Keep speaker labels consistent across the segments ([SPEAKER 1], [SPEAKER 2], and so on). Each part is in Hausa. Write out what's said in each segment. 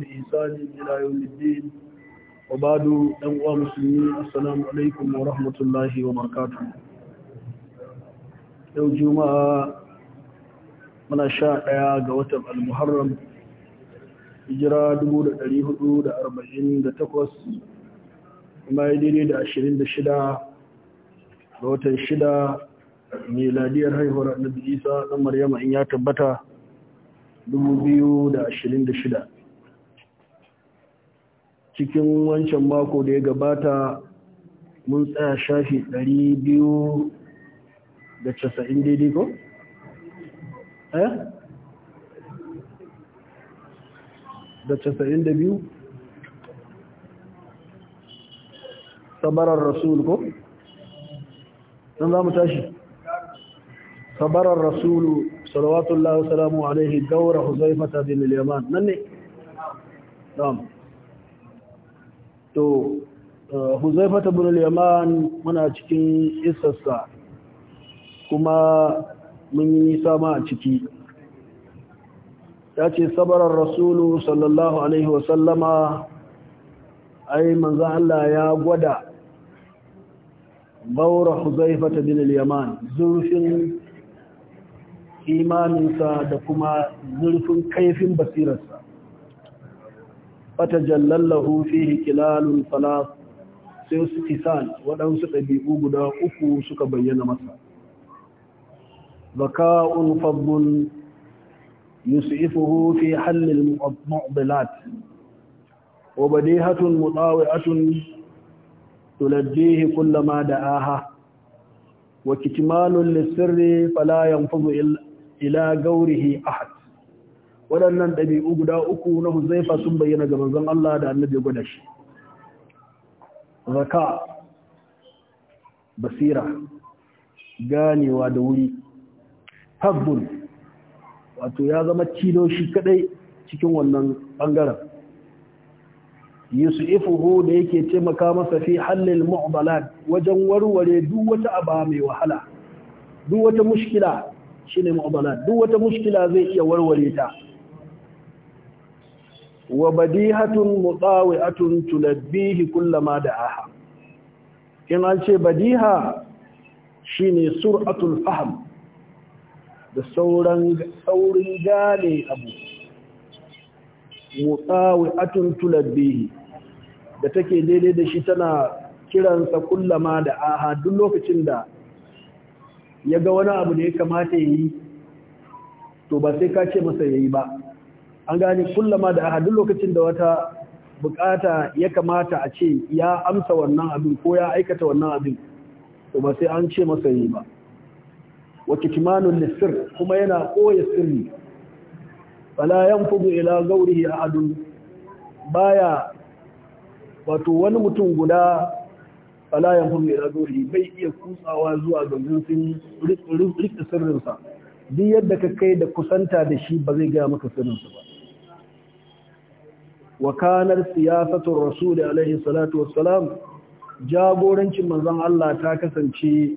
[SPEAKER 1] بإحسان إلى يوم الدين وبعد أنواع مسلمين السلام عليكم ورحمة الله وبركاته yau juma'a muna sha ɗaya ga watan al-muharram hijira 448 kuma yi daidai da 26 ga watan 6 miladiyar haihuwar annabi isa na Maryam in ya tabbata 2026 cikin wancan mako da ya gabata mun tsaya shafi 290 daidai ko? eh? da 92 sabarar rasul ko? don za mu tashi sabarar rasulu salawatullahi wasalamu alaihi gaura huzaifata bin liyaman nan ne? na'am to eh, huzaifa ta bin yaman muna cikin isassa kuma mun yi sama a ciki ya ce sabarar rasulu sallallahu alaihi wasallama ai manzan Allah ya gwada baura huzaifa ta bin yaman zurfin imaninsa da kuma zurfin kaifin basirarsa fatajallal lahu fihi kilalun salas sai su tisan waɗansu ɗabi'u guda uku suka bayyana masa baka'un fabbun yusifuhu fi hallil mu'dilat wa badihatun mutawi'atun tuladdihi kullama da'aha wa kitmanun lisirri fala yanfudu ila gawrihi ahad waɗannan ɗabi'u guda uku na huzaifa sun bayyana ga manzon Allah da annabi gwada shi zaka basira ganewa da wuri habbun wato ya zama cilo shi kadai cikin wannan bangaren yusufuhu da yake taimaka masa fi hallil mu'dalat wajen warware duk wata aba mai wahala duk wata mushkila shine mu'dalat duk wata mushkila zai iya warware ta wa badihatun mutawi'atun tulabbihi kullama da'aha in an ce badiha shine sur'atul fahm da sauran saurin gane abu mutawi'atun tulabbihi da take daidai da shi tana kiransa kullama da aha duk lokacin da ya ga wani abu da ya kamata yayi to ba sai ka ce masa yayi ba an gane kullama da ahadin lokacin da wata bukata ya kamata a ce ya amsa wannan abin ko ya aikata wannan abin to ba sai an ce masa yi ba wata kimanin lisir kuma yana koya sirri yan fudu ila zawrihi ahadun baya wato wani mutum guda yan fudu ila zawrihi bai iya kutsawa zuwa ga sun sirrinsa duk yadda ka kai da kusanta da shi ba zai gaya maka sirrinsa ba wakanar siyasatun rasuli alaihi salatu wassalam jagorancin manzon Allah ta kasance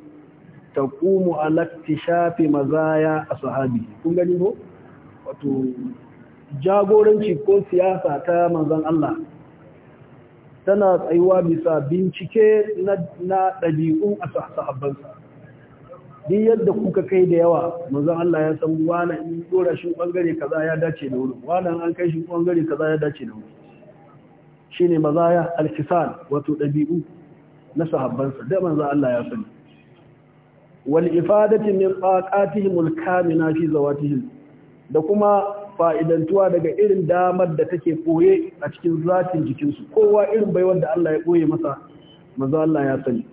[SPEAKER 1] ta kumu alatti shafi mazaya a sahabi kun gani ko wato jagoranci ko siyasa ta manzon Allah tana tsayuwa bisa bincike na ɗabi'un a sahabbansa duk yadda kuka kai da yawa manzon Allah ya san wala in dora shi bangare kaza ya dace da wurin wala an kai shi bangare kaza ya dace da wurin shine mazaya al-kisan wato dabi'u na sahabbansa da manzon Allah ya sani wal ifadati min taqatihim al-kamina fi zawatihim da kuma fa'idantuwa daga irin damar da take koye a cikin zatin jikinsu kowa irin bai da Allah ya koye masa manzon Allah ya sani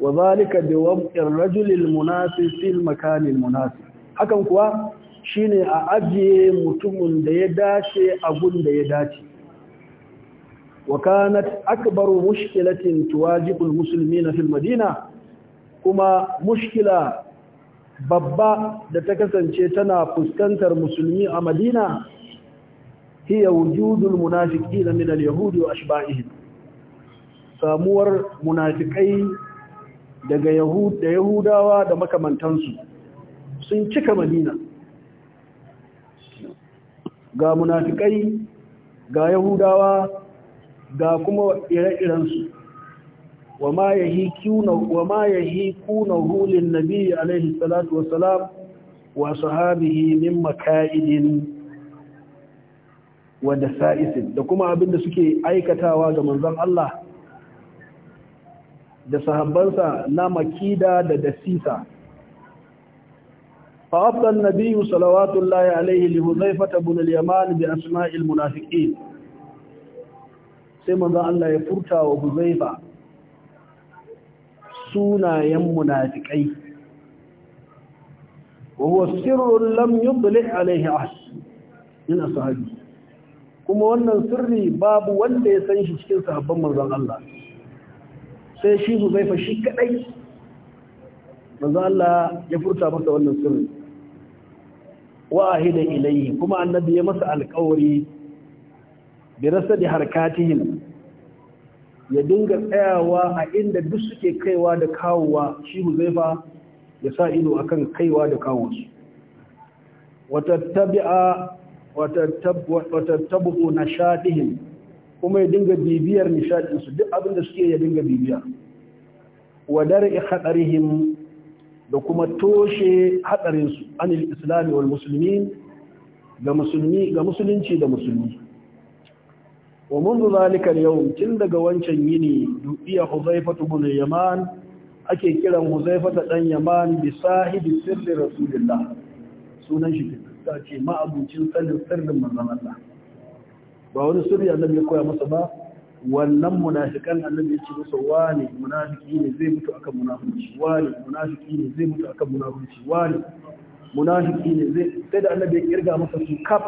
[SPEAKER 1] wa zalika bi rajulin rajul al munasib hakan kuwa shine a ajiye mutumin da ya dace a gun da ya dace wa kanat akbaru mushkilatin tuwajibu al muslimina fil madina kuma mushkila babba da ta kasance tana fuskantar musulmi a madina hiya wujudul munafiqina min al-yahudi wa ashba'ihim samuwar munafikai daga da yahudawa da makamantansu sun cika madina ga munafikai ga yahudawa ga kuma ire-irensu wa ma yahi kuna hulin nabi alaihi salatu wassalam wa sahabihi min maka'idin wadda sa'isin da kuma abinda suke aikatawa ga manzon Allah da sahabbansa na makida da dasisa فأفضى النبي صلوات الله عليه لهذيفة بن اليمان Asma'il munafiqin sai manzo Allah ya furta wa Huzaifa sunayen munafiqai wa huwa sirrun lam yudli alaihi ahad min ashabi kuma wannan sirri babu wanda ya san shi cikin sahabban manzon Allah sai shi huzaifa shi kadai manzo Allah ya furta masa wannan sirri wa ahida ilayhi kuma annabi ya masa alƙawari bi rasadi harkatihim ya dinga tsayawa a inda duk suke kaiwa da kawowa shi fa ya sa ido akan kaiwa da kawosu watattabi'a watattabu nashatihim kuma ya dinga bibiyar nishaɗinsu duk abin da suke ya dinga bibiya wadar haɗarihim da kuma toshe haɗarinsu anil islami wal musulmi ga musulmi ga musulunci da musulmi wa منذ ذلك اليوم tun daga wancan yini dubiya huzaifatu bin yaman ake kiran huzaifata dan yaman bi sahibi sirri rasulillah sunan shi ta ce ma'abucin sanin sirrin manzon Allah ba wani sirri annabi ya koya masa ba wannan munafikan annabi ya ce masa wani munafiki ne zai mutu akan munafici wani munafiki ne zai mutu akan munafici wani munafiki ne zai sai da annabi ya kirga masa su kaf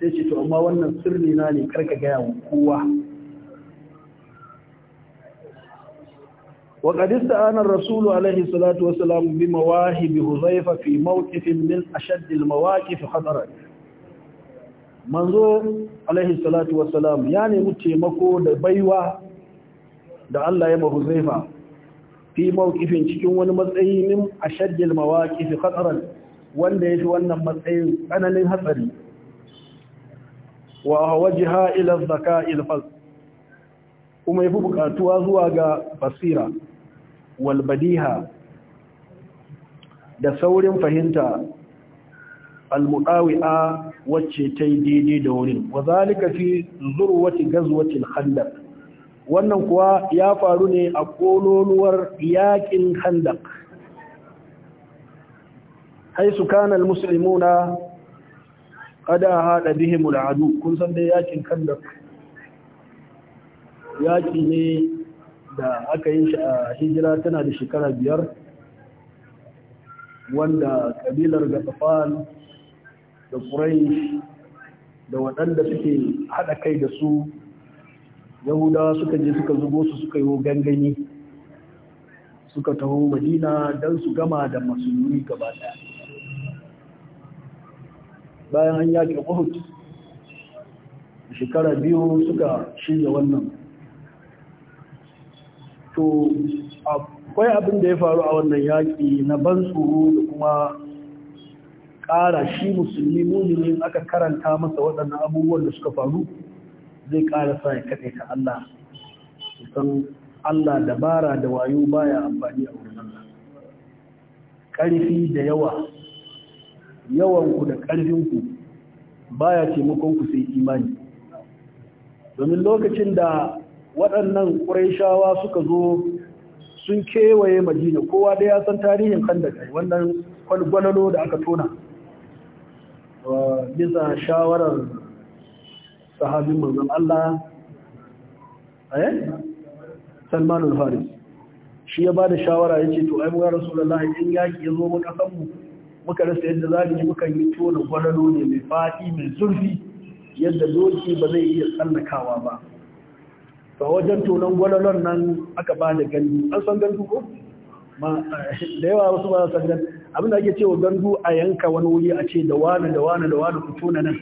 [SPEAKER 1] sai ce to amma wannan sirri na ne karka gaya wa kowa وقد استعان الرسول عليه الصلاة والسلام بمواهب هزيفة في موقف من أشد المواقف خطرا manzo alaihi salatu wassalam ya nemi taimako da baiwa da Allah ya mahuzaifa fi mawqifin cikin wani matsayi min ashaddil mawaqif khataran wanda yafi wannan matsayin tsananin hatsari wa wajha ila zaka'il fal kuma yafi bukatuwa zuwa ga basira wal badiha da saurin fahimta al-muqawi'a wacce ta yi daidai da wurin wa zalika fi zurwati gazwatil khandaq wannan kuwa ya faru ne a kololuwar yaƙin khandaq haisu kana al-muslimuna qad hada bihim al-adu kun san da yakin khandaq Yaƙi ne da aka yi shi a hijira tana da shekara biyar wanda kabilar gafafan da Quraysh da waɗanda suke haɗa kai da su Yahuda suka je suka zubo su suka yi gangani suka taho madina don su gama da musulmi gaba ɗaya bayan an yaƙi uhud shekara biyu suka shirya wannan to akwai abin da ya faru a wannan yaƙi na ban tsoro da kuma ƙara shi musulmi muminin aka karanta masa waɗannan abubuwan da suka faru zai ƙara sa ya kaɗe ta Allah san Allah dabara da wayo baya amfani a wurin Allah ƙarfi da yawa yawanku da ƙarfinku baya ku sai imani domin lokacin da waɗannan ƙuraishawa suka zo sun kewaye madina kowa da ya san tarihin kan da kai wannan kwalgwalalo da aka tona bisa shawarar sahabin manzon Allah eh Salman al-Faris shi ya bada shawara ya ce to ai mu Rasulullahi in yaki yazo mu kasan mu muka rasa yadda za mu muka yi tona gwararo ne mai fadi mai zurfi yadda doki ba zai iya tsallakawa ba to wajen tonon gwararon nan aka bada gani an san gandu ko eh, da yawa wasu ba san gandu abinda ake cewa gandu a yanka wani wuri a ce da wani da wani da wane ku tona nan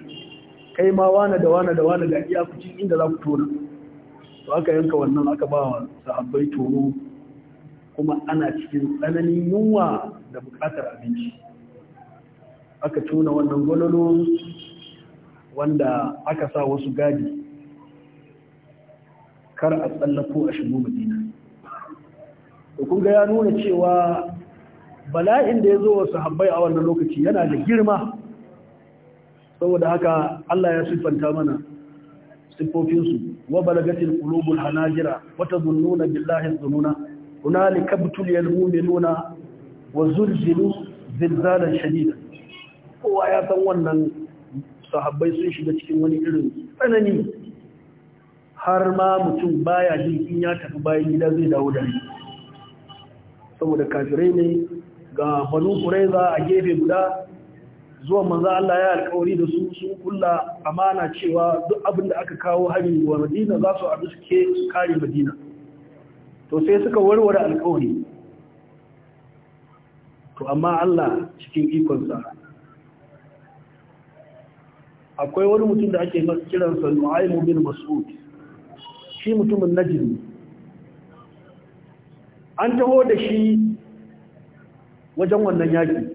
[SPEAKER 1] kai ma wani da wani da wani ga kuci inda za ku tona to aka yanka wannan aka ba wa sahabbai toro kuma ana cikin tsananin yunwa da bukatar abinci aka tona wannan gololo wanda aka sa wasu gadi kar a tsallako a shigo madina to kun ga ya nuna cewa bala'in da ya zo wa sahabbai a wannan lokaci yana da girma saboda haka Allah ya siffanta mana siffofinsu wa balagatin qulubul hanajira wa Zununa, billahi dhununa hunalika butuliyal Nuna, wa zurzilu zilzalan shadida kowa ya san wannan sahabbai sun shiga cikin wani irin tsanani har ma mutum baya jin in ya tafi bayan gida zai dawo da ni saboda kafirai ne ga banu ƙuraiza a gefe guda zuwa manzan Allah ya alkawari da su sun kulla amana cewa duk abinda aka kawo hari wa madina za su abu suke su kare madina to sai suka warware alkawari to amma Allah cikin ikonsa akwai wani mutum da ake kiransa nu'aymu bin mas'ud shi mutumin najin an taho da shi wajen wannan yaki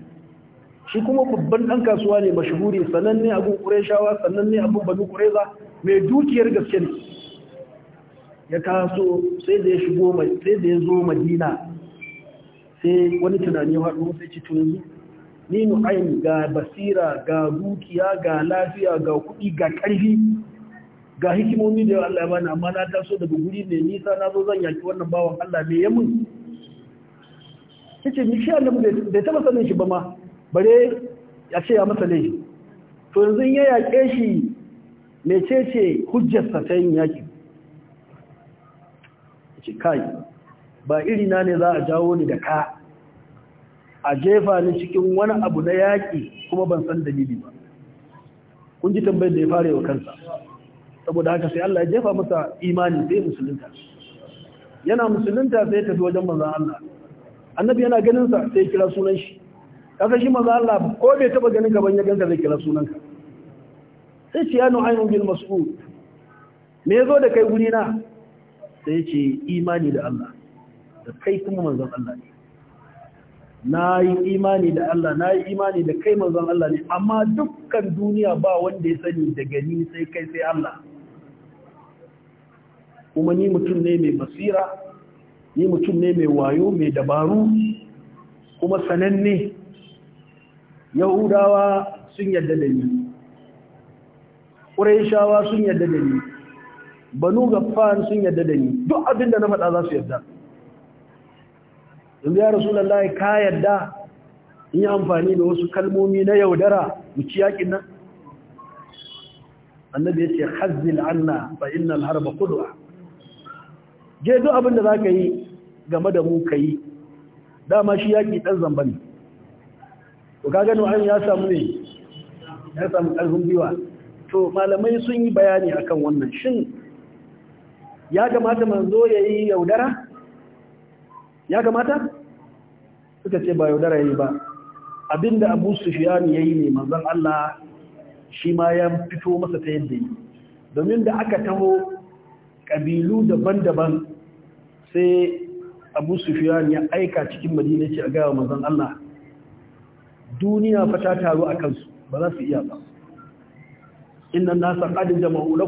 [SPEAKER 1] shi kuma babban dan kasuwa ne mashhuri sananne kureshawa sanan sananne abu babu kureza mai dukiyar gaske ne ya taso sai da ya shigo mai sai da ya zo madina sai wani tunani ya haɗu sai ci to yanzu ni ayin ga basira ga dukiya ga lafiya ga kuɗi ga ƙarfi ga hikimomi da Allah ya bani amma na taso daga guri mai nisa na zo zan yaki wannan bawan Allah me ya yace ni shi annabi bai taba sanin shi ba ma bare ya ce ya masa laifi to yanzu ya yaƙe shi mecece hujjarsa ta yin yaƙi ce kai ba irina ne za a jawo ni da ka a jefa ni cikin wani abu na yaƙi kuma ban san dalili ba kun ji tambayar da ya fara wa kansa saboda haka sai Allah ya jefa masa imani sai musulunta yana musulunta sai ya tafi wajen manzon Allah annabi yana ganin sa sai kira sunan shi kaga shi manzo Allah ko bai taba ganin ka ban ya ganka zai kira sunan ka sai ce ya nu'aymu bil mas'ud me yazo da kai guri na sai ce imani da Allah da kai kuma manzon Allah ne na yi imani da Allah na yi imani da kai manzon Allah ne amma dukkan duniya ba wanda ya sani da gani sai kai sai Allah kuma ni mutum ne mai basira ni mutum ne mai wayo mai dabaru kuma sananne yahudawa sun yadda da ni ƙuraishawa sun yadda da ni banu gaffan sun yadda da ni duk abinda na faɗa za su yadda yanzu ya rasulallah ka yadda in yi amfani da wasu kalmomi na yaudara mu ci nan annabi ya ce hazzil anna fa innal harba qudwa je duk abin da za ka yi game da mu ka yi dama shi yaƙi ɗan zamba ne to ka gano an ya samu ne ya samu ƙarfin biwa to malamai sun yi bayani akan wannan shin ya kamata manzo ya yi yaudara ya kamata suka ce ba yaudara ya yi ba abinda abu sufiyani ya yi ne manzon Allah shi ma ya fito masa ta yadda yi domin da aka taho ƙabilu daban-daban sai abu sufiyan ya aika cikin madina ce a gawa mazan Allah duniya fa ta taru a kansu ba za su iya ba inda nasa qad jama'u a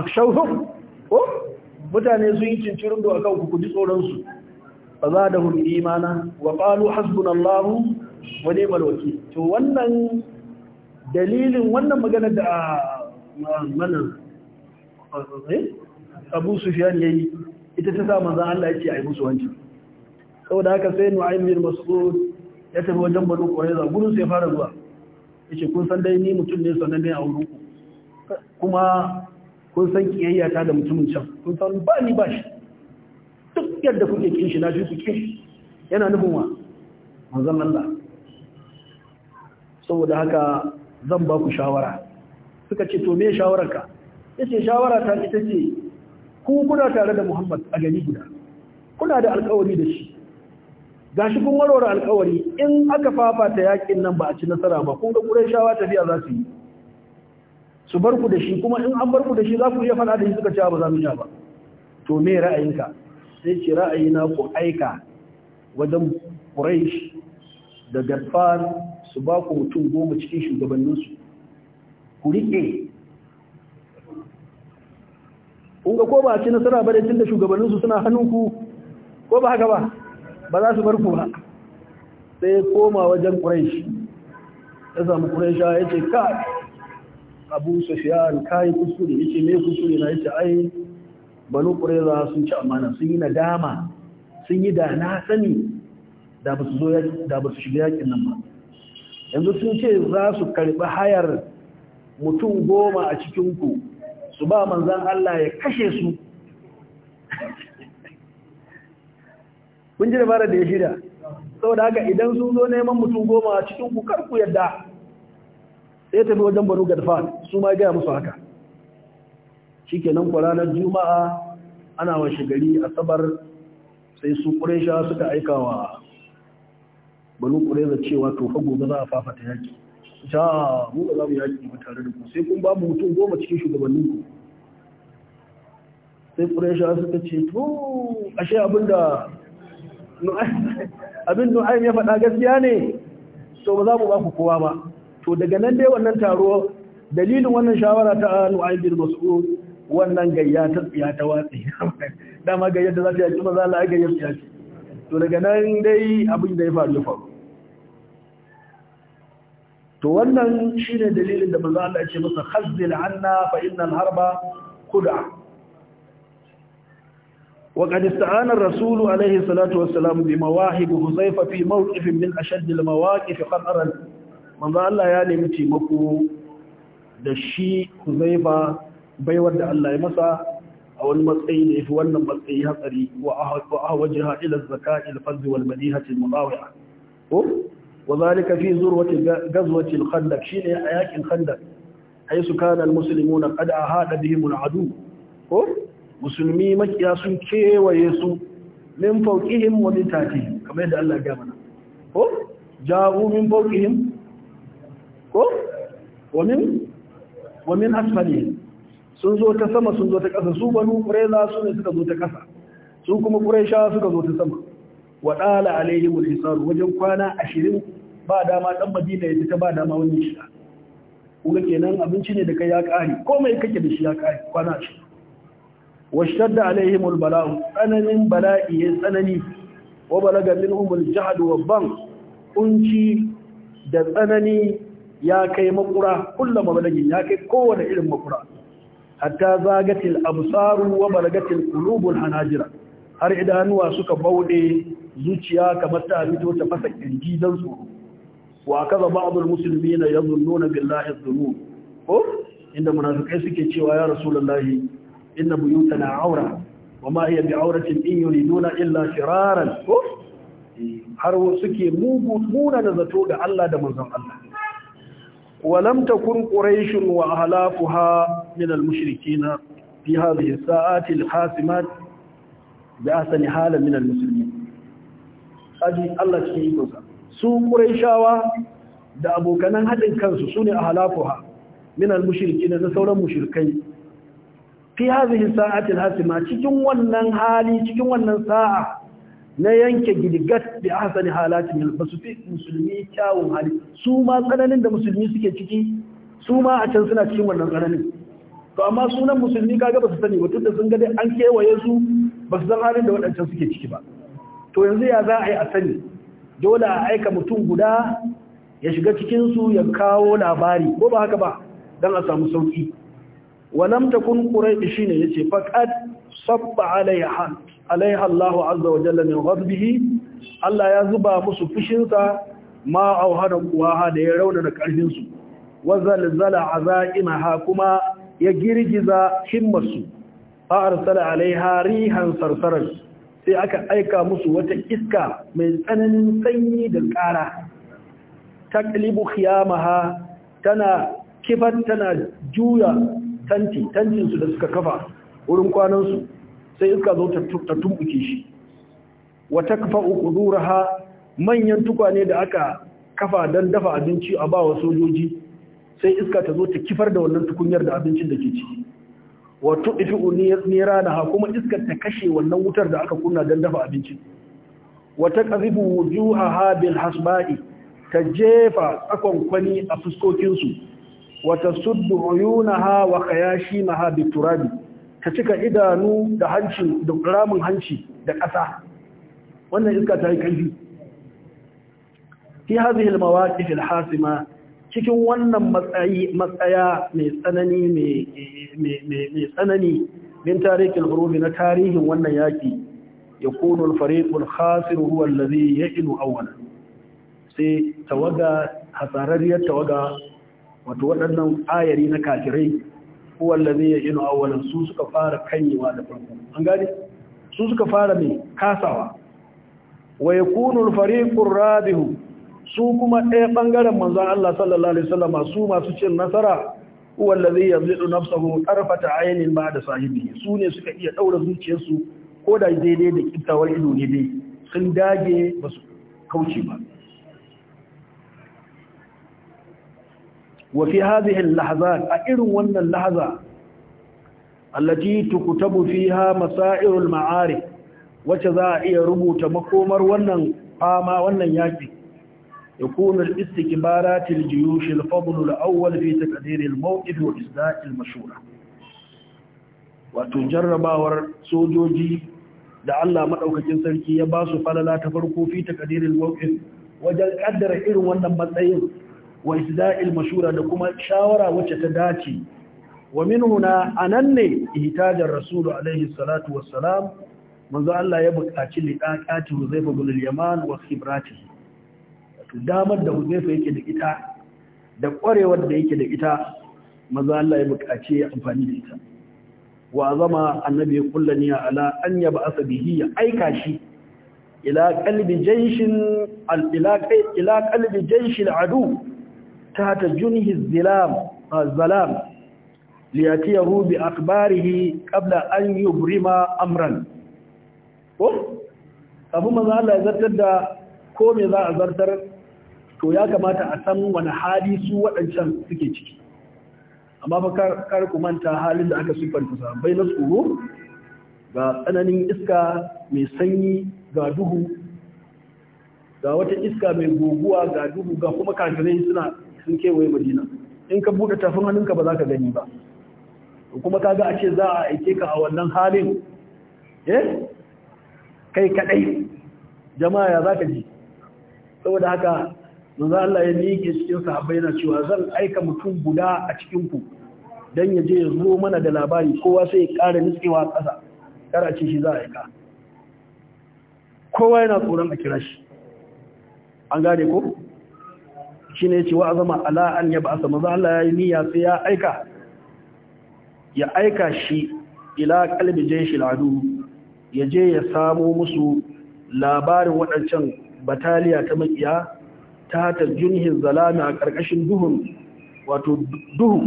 [SPEAKER 1] akshawhum ko mutane su yi cincirin do akan ku tsoronsu ba tsoron su fa imana wa qalu hasbunallahu wa ni'mal malwaki to wannan dalilin wannan magana da ah, manar eh, Abu ya yi. ita ta sa manzan Allah ya ce a yi musu wanci saboda haka sai nu'aym bin mas'ud ya tafi wajen banu qurayza gurin sai fara zuwa yace kun san dai ni mutum ne sannan ne a wurin ku kuma kun san kiyayya ta da mutumin can kun san ba ni ba shi duk yadda kuke kin shi na shi ku kin yana nufin wa manzan Allah saboda haka zan ba ku shawara suka ce to me shawararka yace shawara ta ita ce ku kuna tare da Muhammad a gani guda kuna da alkawari da shi gashi kun warware alkawari in aka fafata yakin nan ba a ci nasara ba kun ga Qurayshawa tafiya za su yi su bar ku da shi kuma in an bar ku da shi za ku iya fada da shi suka ci ba za mu ba to me ra'ayinka sai ce ra'ayina ku aika wajen Quraysh da Gaffar su ba ku mutum goma cikin shugabanninsu ku riƙe kun ga ko ba ci nasara ba da tunda shugabannin su suna hannun ku ko ba haka ba ba za su bar ku ba sai koma wajen quraish ya samu quraisha yace ka Abu Sufyan kai kuskure yace me kuskure na yace ai banu quraiza sun ci amana sun yi nadama sun yi da na sani da ba su zo da ba su shiga yakin nan ba yanzu sun ce za su karbi hayar mutum goma a cikinku su ba manzan Allah ya kashe su kunji da dabara da ya Sau da haka idan sun zo neman mutum goma a cikin ku yadda sai tafi wajen banu gadfan su ma gaya musu haka shikenan nan kwaranar juma'a ana shigari gari asabar sai su kuresha suka aika wa banu da cewa to gobe za a fafata yaki ta mu ba za mu yaki ba tare da ku sai kun ba mu mutum goma cikin shugabannin ku sai ƙuresha suka ce to ashe abinda abin nu'ayin ya faɗa gaskiya ne to ba za mu ba ku kowa ba to daga nan dai wannan taro dalilin wannan shawara ta nu'ayin bin mas'ud wannan gayya ta tsiya ta watsi dama gayyar da za ta yaki maza la gayyar tsiya ce to daga nan dai abin da ya faru ya faru to wannan shi ne dalilin da manzo Allah ya masa khazzil anna fa harba kud'a wa qad rasulu alayhi salatu wassalam bi mawahib huzaifa fi mawqifin min ashadd al-mawaqif qadara manzo Allah ya nemi taimako da shi huzaifa baiwar da Allah ya masa a wani matsayi da yafi wannan matsayi hatsari wa ahwajaha ila Zaka zakail fadl wal madihati al-mudawi'a وذلك في ذروة غزوة الخندق شين أياك الخندق حيث كان المسلمون قد أهاد بهم العدو مسلمي مكياس كي ويسو من فوقهم ومن تحتهم كما يدعى الله جامنا جاءوا من فوقهم ومن ومن أسفلهم sun zo ta sama sun zo ta ƙasa su banu ƙureza su ne suka zo ta ƙasa su kuma ƙuresha suka zo ta sama wa dala alaihim wajen kwana ashirin ba dama ɗan Madina ya fita ba dama wani shiga kuma kenan abinci ne da kai ya kare komai kake da shi ya kare kwana ashirin. washtadda alaihim al-bala'u tsananin bala'i ya tsanani wa balaga minhum al wa ban kunci da tsanani ya kai makura kullum mabalagin ya kai kowane irin makura hatta zagatil absaru wa balagatil qulubul hanajira har idanuwa suka bauɗe zuciya kamar ta fito ta fasa kirji don tsoro wa kaza ba'dul muslimina yazunnuna billahi dhunub ko inda munafikai suke cewa ya rasulullahi inna buyutana aura wama hiya bi'auratin in yuriduna illa firaran ko har suke mugu muna da zato da Allah da manzon Allah ولم تكن قريش وأهلافها من المشركين في هذه الساعات الحاسمات da asani halin minal musulmi aji Allah cikin ikonsa su ƙuraishawa da abokanan haɗin kansu su ne a halafuwa minal mushirki na sauran mushirkai fi hazihi sa'atil hasima cikin wannan hali cikin wannan sa'a na yanke gidigat da asani halatin ba su fi musulmi kyawun hali su ma tsananin da musulmi suke ciki su ma a can suna cikin wannan tsananin to amma sunan musulmi kaga ba su sani mutum da sun ga dai an kewaye su ba san halin da waɗancan suke ciki ba to yanzu ya za a yi a sani dole a aika mutum guda ya shiga cikin su ya kawo labari ko ba haka ba dan a samu sauki walam takun quraish shine yace faqat sabba alaiha alaiha Allah azza wa jalla min ghadbihi Allah ya zuba musu fushinsa ma auhada kuwa da ya rauna da karfin su wazalzala azaimaha kuma ya girgiza himmarsu a arsala alaiha rihan sarsarar sai aka aika musu wata iska mai tsananin sanyi da ƙara taqlibu khiyamaha tana kifar tana juya tanti tantinsu da suka kafa wurin kwanansu sai iska zo ta tumbuke shi Wata kafa uku quduraha manyan tukwane da aka kafa don dafa abinci a ba sojoji sai iska ta zo ta kifar da wannan tukunyar da abincin da ke ciki wato ifi'u nira na ha kuma iskar ta kashe wannan wutar da aka kunna don dafa abincin wata ƙazifu wujuha ha bil hasba'i ta jefa tsakon kwani a fuskokinsu wata suddu uyuna ha wa kayashi na ha turabi ta cika idanu da hanci da ramin hanci da ƙasa wannan iska ta yi ƙarfi fi hadhihi al mawaqif al hasima cikin wannan matsaya mai tsanani mai tsanani min tarihin hurubi na tarihin wannan yaƙi ya kono alfarikul khasir huwa allazi ya'inu awwalan sai tawaga hasarariyar tawaga wato waɗannan ayari na kafirai huwa allazi ya'inu awwalan su suka fara kanyewa da farko an gane su suka fara mai kasawa wa yakunu alfariqur rabihu su kuma ɗaya ɓangaren manzon Allah sallallahu alaihi wasallam su masu cin nasara zai yazidu nafsahu tarfata ainihin ba da sahibi su ne suka iya ɗaura zuciyarsu ko da daidai da kiftawar ido ne dai sun dage ba su kauce ba Wafi fi hadhihi a irin wannan lahaza allati tukutabu fiha masa'irul ma'arif wacce za a iya rubuta makomar wannan fama wannan yaki يكون الاستكبارات الجيوش الفضل الأول في تقدير الموقف وإسداء المشورة وتجرب سوجوجي da Allah madaukakin sarki ya ba su falala ta farko fi takdiril mawqif wajen kaddara irin wannan matsayin wa isda'il mashura da kuma shawara wacce ta dace wa min huna anan ne ihtajar rasul alaihi salatu wassalam manzo Allah ya buƙaci liqaqati Huzaifa bin al-Yaman wa khibratihi damar da huzaifa yake da ita da ƙwarewar da yake da ita maza Allah ya buƙace ya amfani da ita wa zama annabi ya kulla niya ala an ya ba asa bihi ya aika shi ila qalbi jayshin al ila qalbi jayshil adu ta junhi zilam zalam liyatiyahu bi akbarihi qabla an yubrima amran ko kafin maza Allah ya zartar da ko me za a zartar to ya kamata a san wani hali su waɗancan suke ciki amma fa kar ku manta halin da aka siffanta bai na tsoro ga tsananin iska mai sanyi ga duhu ga wata iska mai guguwa ga duhu ga kuma kafirai suna sun kewaye madina in ka buɗe tafin hannunka ba za ka gani ba kuma ga a ce za a aike ka a wannan halin eh kai kaɗai jama'a ya za ka ji saboda haka manzo Allah ya miƙe cikin sahabbai yana cewa zan aika mutum guda a cikin ku don ya je ya zo mana da labari kowa sai ya ƙara nitsewa ƙasa kar a ce shi za a aika kowa yana tsoron a kira shi an gane ko shi ne ce wa zama ala an ya ba'asa manzo Allah ya yi niyya sai ya aika ya aika shi ila kalbi shi ladu ya je ya samo musu labarin waɗancan bataliya ta makiya ta ta junhin zalami a ƙarƙashin duhun wato duhu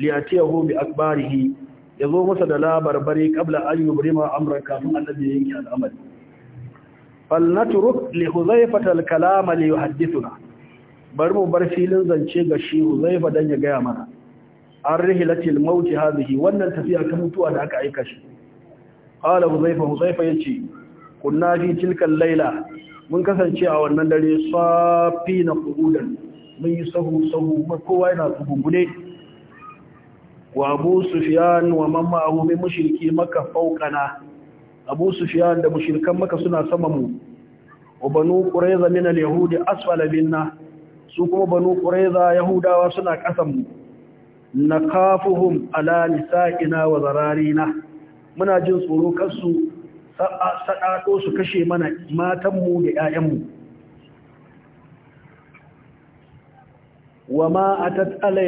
[SPEAKER 1] liyatiyahu bi akbarihi ya zo masa da labarbari kabla an rima burima kafin annabi ya yanki al'amari falnaturuk li huzaifatal alkalama li yuhaddithuna bari mu bar filin zance ga shi huzaifa dan ya gaya mana an rihilatil mauti hazihi, wannan tafiya ta mutuwa da aka aika shi qala huzaifa huzaifa yace kunna fi tilka laila mun kasance a wannan dare safi na kududan mun yi sahu-sahu kowa yana tsugungude wa abu sufiyan wa mamma abu mai mashirki maka faukana abu sufiyan da mashirkan maka suna sama mu wa banu ƙureza min al-yahudi asfala binna su kuma banu ƙureza yahudawa suna ƙasanmu na kafuhum ala nisa'ina wa zararina muna jin tsoro kansu saɗaɗo su kashe mana matanmu da ‘ya'yanmu wa ma a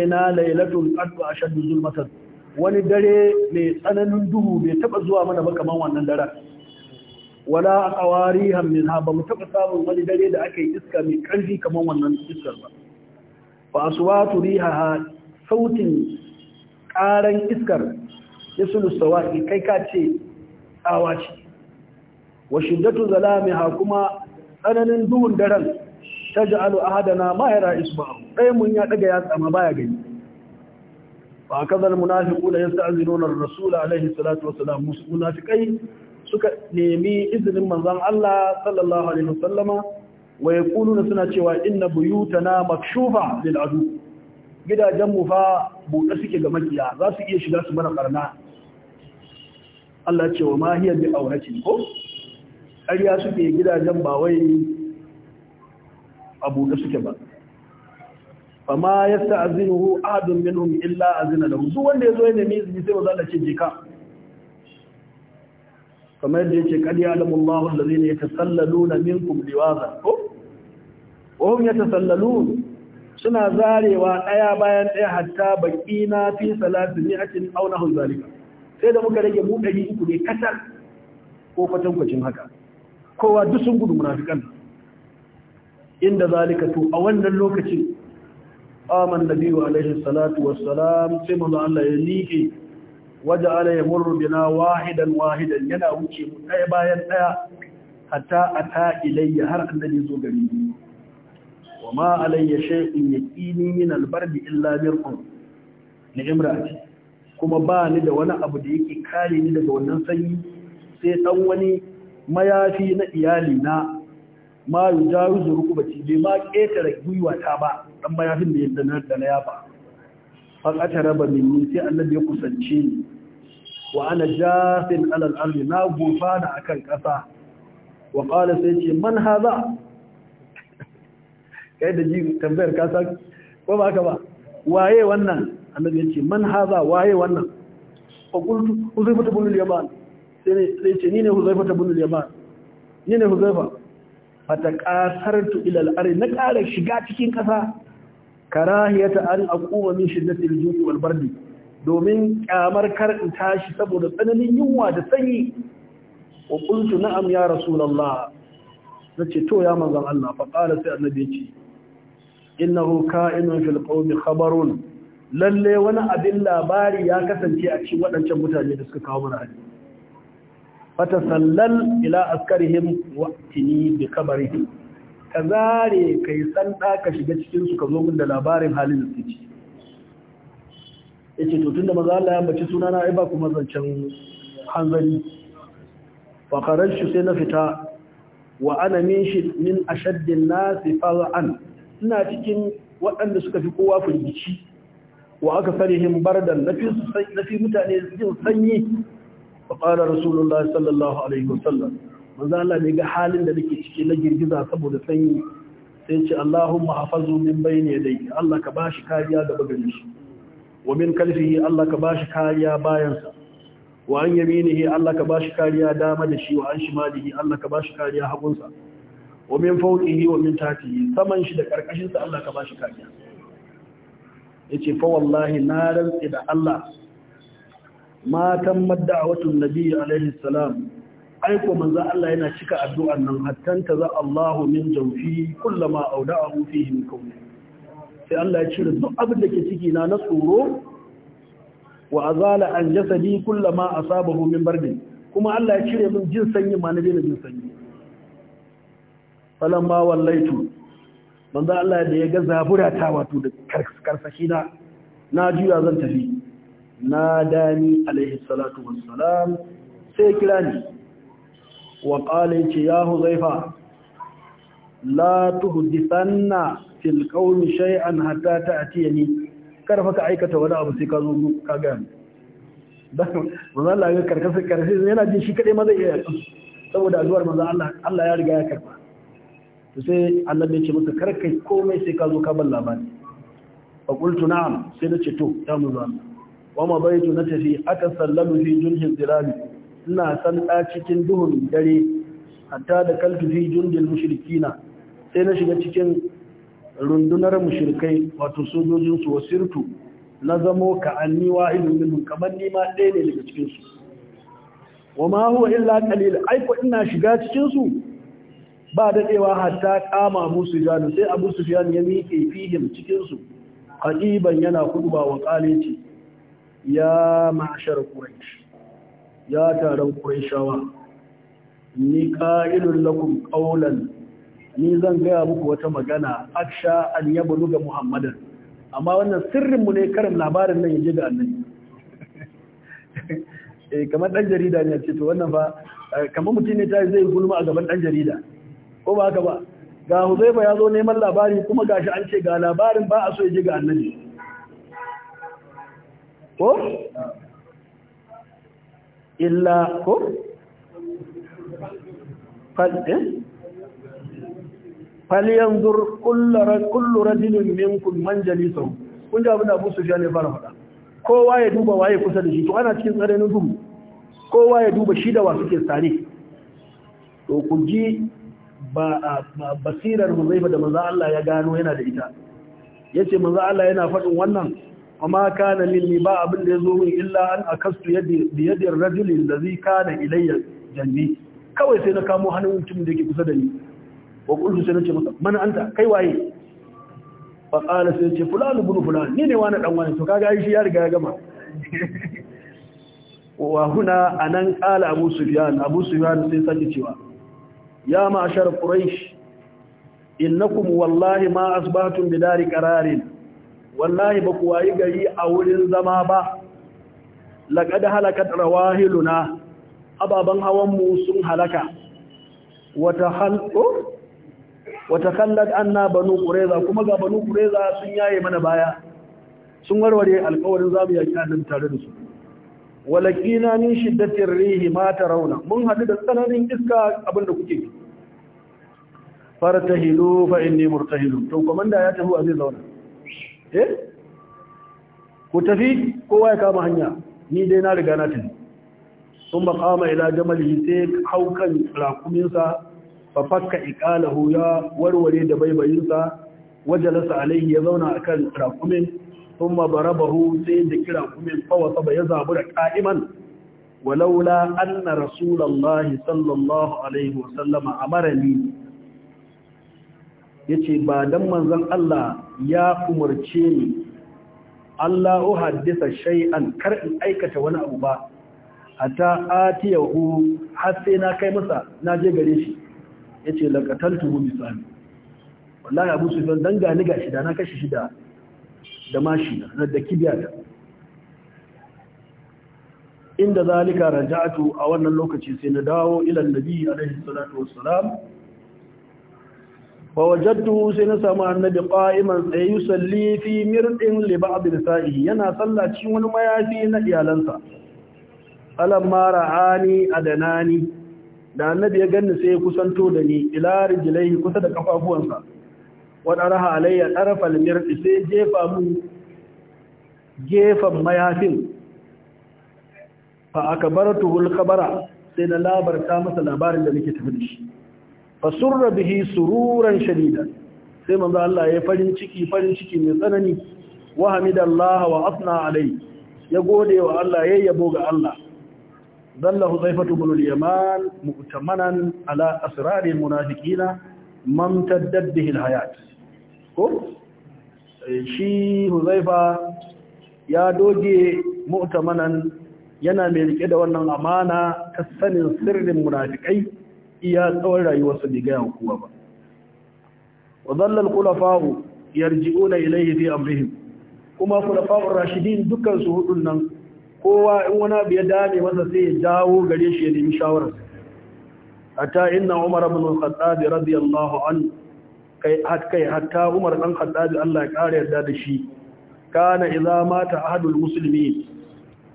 [SPEAKER 1] na lailatul ƙaddu a shaddu wani dare mai tsananin duhu bai taɓa zuwa mana makaman wannan daren wala a ƙawari ha ba mu taɓa samun wani dare da aka yi iska mai ƙarfi kamar wannan iskar ba ba su watu riha ha sautin ƙaran iskar ya sulu kai ka ce awaci wa shiddatu zalamiha kuma tsananin duhun daren ta ahadana ma hadana isba'u dai mun ya daga ya tsama baya gani fa kaza almunafiquna yasta'zinuna ar-rasula alaihi salatu wassalam munafiqai suka nemi izinin manzan Allah sallallahu alaihi wasallama wa yaquluna suna cewa inna na makshufa lil adu gidajen mu fa buɗe suke ga makiya za su iya shiga su mana ƙarna. Allah ce wa ma hiya bi auratin ko ƙarya suke gidajen ba wai abu da suke ba ma ya sta'azinuhu ahadun minhum illa azina lahu duk wanda yazo ya nemi izini sai wanda ce je ka kamar yadda yake kad ya'lamu Allahu allazina yatasallaluna minkum liwaza ko wa hum yatasallalun suna zarewa daya bayan daya hatta na fi salati mi'atin aw nahu zalika sai da muka rage mu uku ne kasar ko kwatankwacin haka kowa duk sun gudu munafikan inda zalika to a wannan lokacin aman nabi wa alaihi salatu wassalam sai manzo Allah ya nike waje ala ya murru bina wahidan wahidan yana wuce mu ɗaya bayan ɗaya hatta ata ilayya har annabi zo gari wa ma alayya shay'in yaqini min albardi illa birkum ni imrati kuma ba ni da wani abu da yake kare ni daga wannan sanyi sai dan wani mayafi na iyali na ma yi jaru zuru kuma ci bai ma ƙetare gwiwata ta ba ɗan mayafin da yadda na da na yafa faƙata raba minni sai annabi ya kusance ni wa ana jafin alal arzi na gufa na akan ƙasa wa ƙala sai ce man haza kai da ji tambayar kasa ko ba ka ba waye wannan annabi ya ce man haza waye wannan fa qultu uzayfatu bin al-yaman sai ce ni ne huzaifa ta bunul yaman ni ne huzaifa fata kasartu ilal ardi na ƙara shiga cikin ƙasa karahiyata an aquma min shiddatil ju'i wal bardi domin kyamar kar in tashi saboda tsananin yunwa da sanyi wa qultu na'am ya rasulullah nace to ya manzon Allah fa qala sai annabi ce innahu ka'inun fil qawmi khabarun lalle wani abin labari ya kasance a cikin waɗancan mutane da suka kawo mana hadisi fatasallal ila askarihim wa tini bi kabarihi ka zare kai san ka shiga cikin su ka zo mun da labarin halin da suke yace to tunda maza Allah ya ambaci na, ai ba kuma zancen hanzari fa kharajtu sai na fita wa ana min shi min ashaddin nasi fa'an ina cikin waɗanda suka fi kowa firgici wa aka farihim bardan nafi mutane jin sanyi faƙalar rasulullah sallallahu alaihi wasallam manzo Allah ne ga halin da nake ciki na girgiza saboda sanyi sai ce Allahumma hafazu min bayni yadayhi Allah ka bashi kariya gaba gare shi wa min kalfihi Allah ka bashi kariya bayansa wa an yaminihi Allah ka bashi kariya dama da shi wa an shimalihi Allah ka bashi kariya hagunsa wa min fawqihi wa min tahtihi saman shi da karkashin sa Allah ka bashi kariya yace fa wallahi na rantsi da Allah ma a watan nabi alaihi salam aiko manza Allah yana cika addu'an nan hattanta za Allahu min jawfi kullama a fihi min kawni sai Allah ya cire duk abin da ke ciki na na tsoro wa azala an jasadi kullama asabahu min bardi kuma Allah ya cire min jin sanyi ma na jin sanyi falamma wallaitu manza Allah da ya ga zaburata ta wato da karsashi na juya zan tafi na dani alaihi salatu wassalam sai kira ni wa qala yace ya zaifa la tuhdithanna fil qawmi shay'an hatta ta'tiyani karfa ka aikata wani abu sai ka zo ka ga ni dan Allah ya karkasa karfi yana jin shi kade ma zai iya saboda azuwar manzo Allah Allah ya riga ya karba to sai Allah bai ce masa karkai komai sai ka zo ka ban labari fa qultu na'am sai na ce to ta manzo Allah wa mabaitu na tafi aka sallamu fi junhin zirami ina san da cikin duhun dare hatta da kaltu fi jundil mushrikina sai na shiga cikin rundunar mushrikai wato sojojin su wasirtu na zamo ka anni wa ilmin kamar ni ma ɗaya ne daga cikin su wa ma huwa illa qalil ai ko ina shiga cikin su ba dadewa hatta kama musu janu sai Abu Sufyan ya miƙe fihim cikin su qadiban yana kuduba wa qalici ya ma'ashar quraish ya taron quraishawa ni qa'ilun lakum ƙaunan ni zan gaya muku wata magana aksha an yabo nuga muhammadan amma wannan sirrinmu ne karin labarin nan yaje ga annabi eh kamar dan jarida ne ce to wannan ba eh, kamar mutum ne ta zai gulma a gaban dan jarida ko ba haka ba ga huzaifa ya zo neman labari kuma gashi an ce ga labarin ba a so ya ga annabi ko illa ko eh? falyanzur kullu rajulin minkum man jalisum kun ja abin da Abu Sufyan ya fara faɗa kowa ya duba waye kusa da shi to ana cikin na duhu kowa ya duba shi da wa suke tsare to ku ji ba basirar Huzaifa da manzo Allah ya gano yana da ita yace manzo Allah yana faɗin wannan amma kana lilli ba abin da ya zo min illa an akastu bi yadi ar-rajuli allazi kana ilayya janbi kawai sai na kamo hannun mutum da ke kusa da ni wa qultu sai na nace masa man anta kai waye fa qala sai ce fulan ibn fulan ni ne wani dan wani to kaga ai shi ya riga ya gama wa huna anan qala abu sufyan abu sufyan sai sake cewa ya ma'ashar quraish innakum wallahi ma asbahtum bidari qararin wallahi ba ku wayi gari a wurin zama ba laƙada halakat rawahiluna ababen hawanmu sun halaka wata kallar anna banu ƙureza kuma ga banu ƙureza sun yaye mana baya sun warware alkawarin zamu yaki annabi tare da su walakina min shiddatir rihi ma tarawna mun hadu da tsananin iska abinda kuke fartahilu fa inni murtahilu to komanda ya tafi a zai zauna eh ku tafi kowa ya kama hanya ni dai na riga na tafi sun ba kama ila jamalihi sai haukan kan rakuminsa fa ikalahu ya warware da baibayinsa wajalasa alaihi ya zauna a kan rakumin sun ma barabahu sai da kira kumin fawasa ba ya da ka'iman walaula anna rasulallah sallallahu alaihi wasallama amarani Ya ce ba dan manzon Allah ya umarce ni Allah o haddisa shay'an kar in aikata wani abu ba a hatta atiyahu har sai na kai masa na je gare shi ya yace lakatantu bi misali wallahi Abu don dan gani ga da na kashi shida da mashi na da kibiya da inda zalika raja'atu a wannan lokaci sai na dawo ila nabi alaihi salatu wassalam fa wajadtuhu sai na samu annabi qa'iman tsaye yusalli fi mirdin li ba'd nisa'ihi yana sallah cikin wani mayafi na iyalansa alamma ra'ani adanani da annabi ya ganni sai ya kusanto da ni ila rijlaihi kusa da kafafuwansa wa daraha alayya tarafa al-mirdi sai jefa mu gefan mayafin fa akbartuhu al-khabara sai na labarta masa labarin da nake tafi da shi fasurra bihi sururan shadida sai manzo Allah ya farin ciki farin ciki mai tsanani wa hamidallahi wa asna alai ya gode wa Allah ya yabo ga Allah dallahu zaifatu bin al-yaman mu'tamanan ala asrar al-munafiqina man bihi al-hayat ko eh, shi huzaifa ya doge mu'tamanan yana mai rike da wannan amana ta sanin sirrin munafikai iya tsawon rayuwarsa bai gaya kowa ba wa zallal kulafa'u yarji'una ilaihi fi amrihim kuma kulafa'ur rashidin dukkan su hudun nan kowa in wani abu ya dame masa sai ya dawo gare shi ya nemi shawarar hatta inna umar ibn al-khattab radiyallahu an kai kai hatta umar dan khattab Allah ya kare yarda da shi kana idza mata ahadul muslimin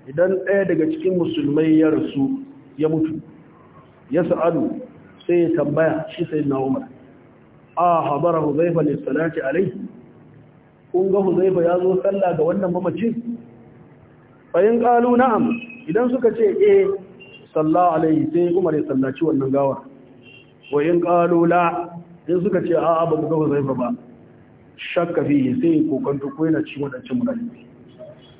[SPEAKER 1] idan ɗaya daga cikin musulmai ya rasu ya mutu ya sa'adu sai ya tambaya shi sai na umar a habara huzaifa ne salati alai kun ga huzaifa ya zo sallah ga wannan mamacin bayan ƙalu na'am idan suka ce eh salla alaihi sai umar ya sallaci wannan gawa wayan ƙalu la in suka ce a'a ba ga huzaifa ba shakka fi sai kokanto ko yana ci wadancan mutane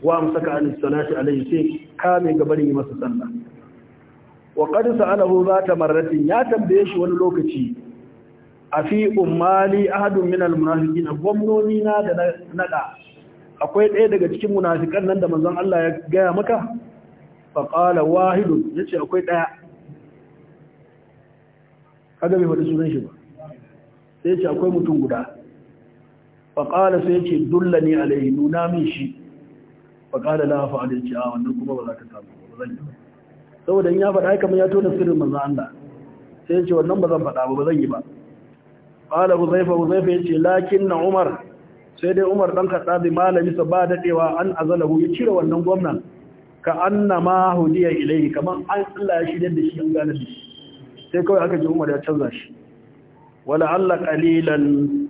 [SPEAKER 1] wa amsaka an salati alaihi sai kame gabarin masa sallah wa qad sa'alahu ta marratin ya tambaye shi wani lokaci a fi ummali ahadun min a gwamnoni na da nada akwai ɗaya daga cikin munafikan nan da manzon Allah ya gaya maka fa qala wahidun yace akwai ɗaya kaga mai faɗi sunan shi ba sai yace akwai mutum guda fa qala sai yace dullani alaihi nuna min shi fa qala la fa'alti a ah, wannan kuma ba za ka samu ba zan yi ba saboda in ya faɗa kamar ya tona sirrin manzo Allah sai ya ce wannan ba zan faɗa ba ba zan yi ba qala huzaifa uzaifa ce, lakinna umar sai dai umar dan kadabi malami sa ba dadewa an azalahu ya cire wannan gwamnan ka annama hudiya ilayhi kaman an Allah ya shirye da shi an gane shi sai kawai aka ji umar ya canza shi wala alla qalilan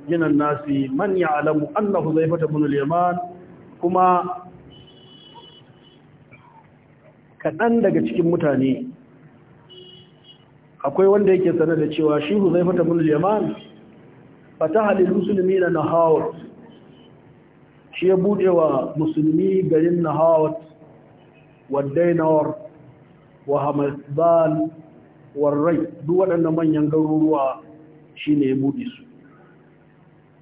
[SPEAKER 1] min nasi man ya'lamu anna huzaifata ibn al-yaman kuma kaɗan daga cikin mutane akwai wanda yake sanar da cewa shi huzaifata bin yaman fataha musulmi na Nahawar, shi ya buɗe wa musulmi garin Nahawar. wa dainawar wa wa rai duk waɗanda manyan garuruwa shi ne ya buɗe su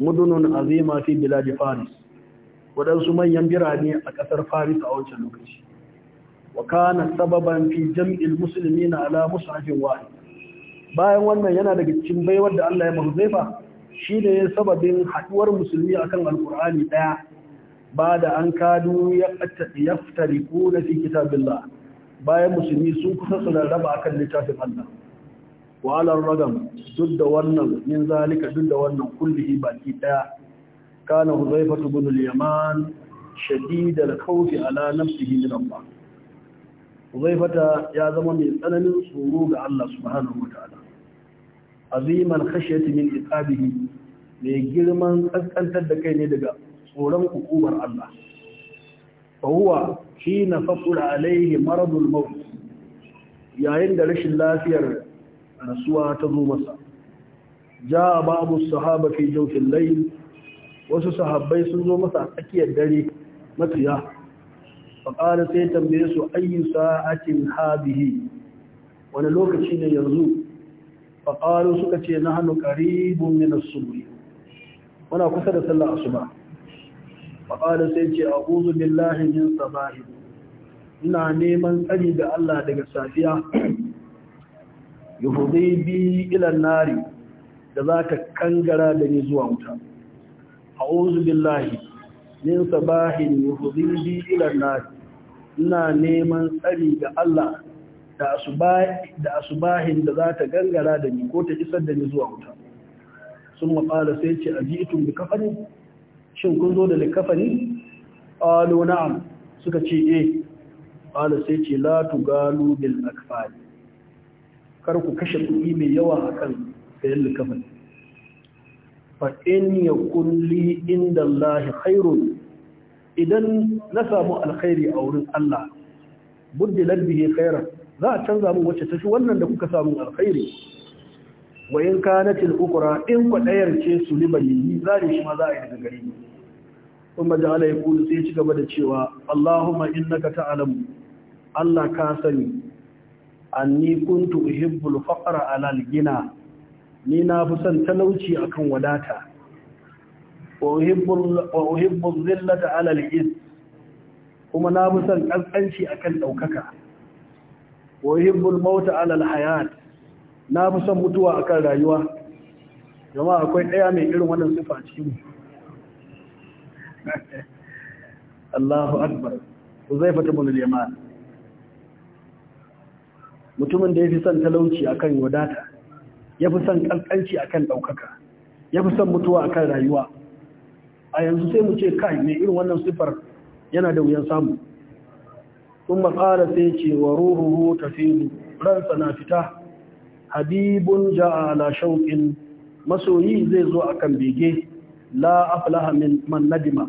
[SPEAKER 1] mudunan azima fi bilaji faris waɗansu manyan birane a ƙasar faris a wancan lokaci وكان سببا في جمع المسلمين على مصحف واحد bayan wannan yana daga cikin baiwar da Allah ya mahuzaifa shi ne sababin haduwar musulmi akan alkur'ani daya ba da an kadu ya ftariku na fi kitabillah bayan musulmi sun kusa su raba akan littafin Allah wa alar ragam duk da wannan min zalika duk da wannan kullihi baki daya kana huzaifatu bin al-yaman shadid al-khawf ala nafsihi min Allah huzaifata ya zama mai tsananin tsoro ga Allah subhanahu wa ta'ala. Aziman khashyati min iqabihi mai girman kaskantar da kai ne daga tsoron hukumar Allah. Fa huwa hina faqula alaihi maradul maut yayin da rashin lafiyar rasuwa ta zo masa. Ja babu sahaba fi jawfil layl wasu sahabbai sun zo masa a tsakiyar dare matiya faƙari sai tambaye su ayyu sa'atin habihi wani lokaci ne yanzu faƙari suka ce na hannu ƙaribin minas subhi muna kusa da sallah sallar ba. faƙari sai ce a uzu billahi min sabahi ina neman tsari da Allah daga safiya yuhudi bi ilan nari da za ka kangara da ni zuwa wuta a uzu billahi min sabahin yuhudi bi ilan nari ina neman tsari ga Allah da asubahin da za ta gangara da ni ko ta isar da ni zuwa wuta sun maƙala sai ce a jitun da kafani shin kun zo da likafani ƙalo na'am suka ce eh ƙala sai ce latu galu bil akfani kar ku kashe kuɗi mai yawa a kan sayan likafani fa in ya kulli inda Allah khairun idan na samu alkhairi a wurin Allah buddilar bihi khairan za a canza mun wacce tafi wannan da kuka samu alkhairi wa in kanatil ukra in kwadayar ce su libani zare shi ma za a yi daga gari. ni kuma da Allah ya kulu sai ci gaba da cewa Allahumma innaka ta'lamu Allah ka sani anni kuntu uhibbul faqra ala al-ghina ni na fi son talauci akan wadata wa uhibbul zillata ala al-iz kuma na fi son kaskanci akan daukaka wa uhibbul mauta ala al-hayat na fi son mutuwa akan rayuwa jama'a akwai daya mai irin wannan sifa cikin Allahu akbar Uzaifatu bin al-Yaman mutumin da yafi son talauci akan wadata yafi son kankanci akan daukaka yafi son mutuwa akan rayuwa a yanzu sai mu ce kai mai irin wannan sifar yana da wuyan samu sun makara sai ce wa ruhuhu ransa na fita habibun ja'ala shauƙin masoyi zai zo a kan bege la aflaha man nadima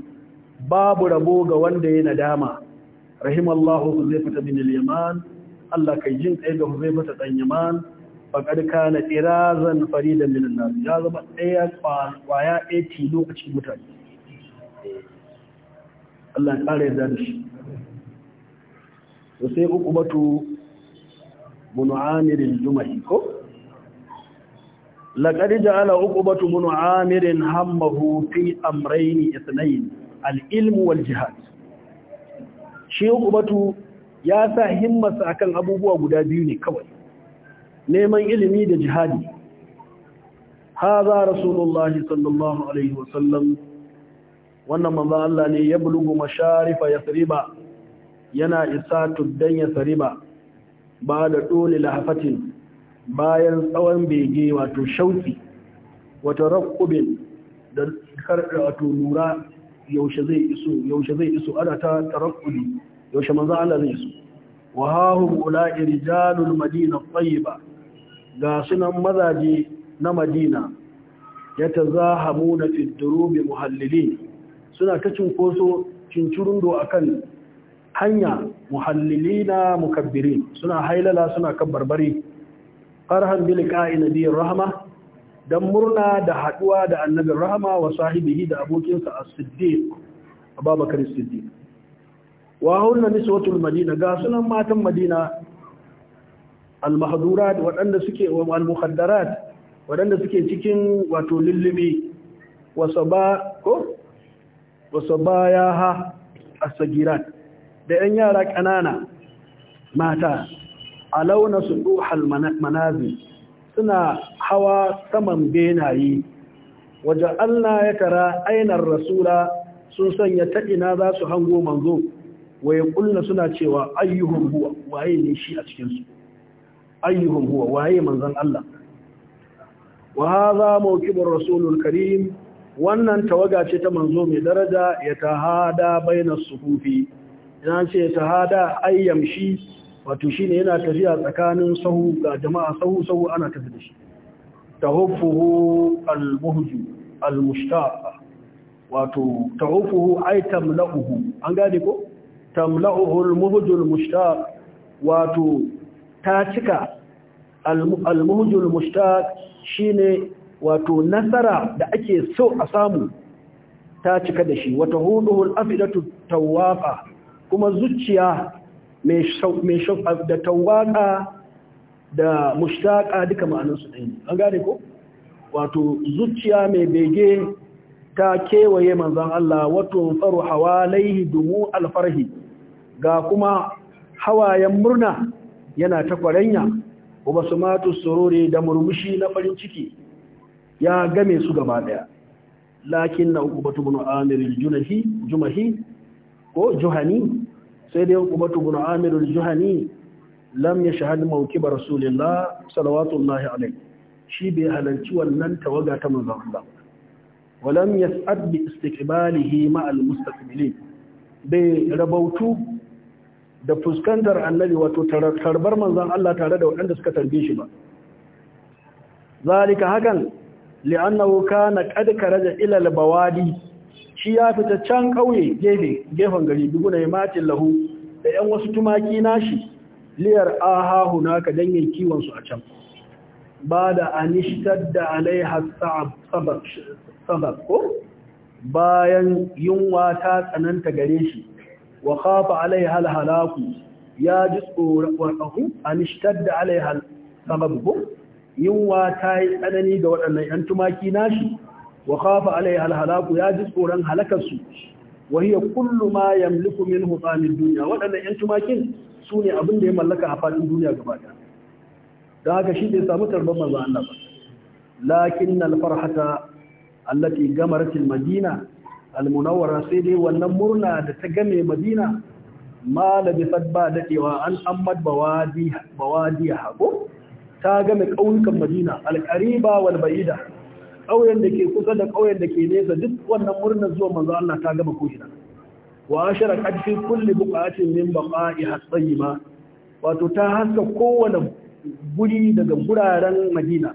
[SPEAKER 1] babu rabo ga wanda ya nadama rahimallahu zai fita al-yaman Allah kai jin tsaye ga huzaifata dan yaman faqad kana irazan faridan min nas ya zama ɗaya kwaya ɗaya tilo lokacin mutane Allah ya ƙara da shi to sai uqubatu bin amir jumahi ko لقد جعل عقبة بن عامر همه في أمرين اثنين wal jihad. shi ukubatu ya sa himmarsa akan abubuwa guda biyu ne kawai neman ilimi da jihadi haza Rasulullahi sallallahu alaihi wasallam wannan manzon Allah ne ya bulugu masharifa yasriba yana isa tuddan yasriba ba da dole lahafatin bayan tsawon bege wato shauki wata rakubin da karɗa wato lura yaushe zai iso yaushe zai iso ana ta tarakkuli yaushe manzon Allah zai iso wa hahum ula'i rijalul madina tayyiba ga sunan mazaje na madina yatazahamuna fi durubi muhallilin suna ta cinkoso cincirundo a kan hanya muhallilina mukabbirin suna hailala suna kabbarbari farhan bil qa'in nabiyir rahma dan murna da haɗuwa da annabin rahma wa sahibihi da abokinsa a siddiq abubakar as-siddiq wa hunna niswatul madina ga sunan matan madina al-mahdurat waɗanda suke al-mukhaddarat wadanda suke cikin wato lillibi wa saba ko wasu baya ha a sagirat da ‘yan yara ƙanana mata a launa su ɗuhal manazi suna hawa saman benaye Waje Allah ya kara ainar rasula sun sanya ta ina za su hango manzo waye ƙulla suna cewa ayyuhun huwa waye ne shi a cikinsu ayyuhun huwa waye manzan Allah wa haza mawqibur rasulul karim wannan tawaga ce ta manzo mai daraja ya ta tahada bainas sufufi ina ce ya tahada ayyamshi wato shi ne yana tafiya tsakanin sahu ga jama'a sahu sahu ana tafi da shi ta tahuffuhu almuhju almushtaq wato ta tahuffuhu ay tamla'uhu an gane ko tamla'uhu almuhju almushtaq wato ta cika almuhju almushtaq shine wato nasara da ake so a samu ta cika da shi wata huduhul afidatu tawafa. kuma zuciya mai da tawaqa da mushtaqa duka ma'anansu ɗaya ne an gane ko wato zuciya mai bege ta kewaye manzon Allah wato faru hawalaihi dumu alfarhi ga kuma hawayen murna yana ta kwarenya wa matu sururi da murmushi na farin ciki ya game su gaba daya lakin na ukubatu bin amir junahi jumahi ko juhani sai dai ukubatu bin amir juhani lam yashhad mawqib rasulillah sallallahu alaihi shi bai halarci wannan tawaga ta manzon Allah walam yas'ad bi istiqbalihi ma al mustaqbilin bai rabautu da fuskantar annabi wato tarbar manzon Allah tare da waɗanda suka tarbe shi ba zalika hakan li'annahu kana qad karaja ila al-bawadi shi ya fita can kauye gefe gefen gari duguna ya matin lahu da yan wasu tumaki nashi liyar aha hunaka dan yayin kiwon su a can bada da alaiha sabab sabab ko bayan yunwa ta tsananta gare shi wa khafa alaiha al-halaku ya ji tsoron anishtadda alaiha sabab ko yunwa ta yi tsanani ga waɗannan ‘yan tumaki nashi wa kafa alai halhalaku ya ji tsoron halakarsu wa hiya kullu ma yamliku min hutsamin duniya waɗannan ‘yan tumakin su ne abin da ya mallaka a faɗin duniya gaba ɗaya don haka shi bai samu tarbar manzo Allah ba lakin alfarhata allati gamarat almadina almunawwara sai dai wannan murna da ta game madina ma labisat ba dadewa an ammad bawadi bawadi hako ta game ƙauyukan madina alƙariba wal ƙauyen da ke kusa da ƙauyen da ke nesa duk wannan murnar zuwa manzo Allah ta gama ko'ina wa ashara kadfi kulli buqatin min baqa'i hasayma wato ta haska kowane guri daga guraren Madina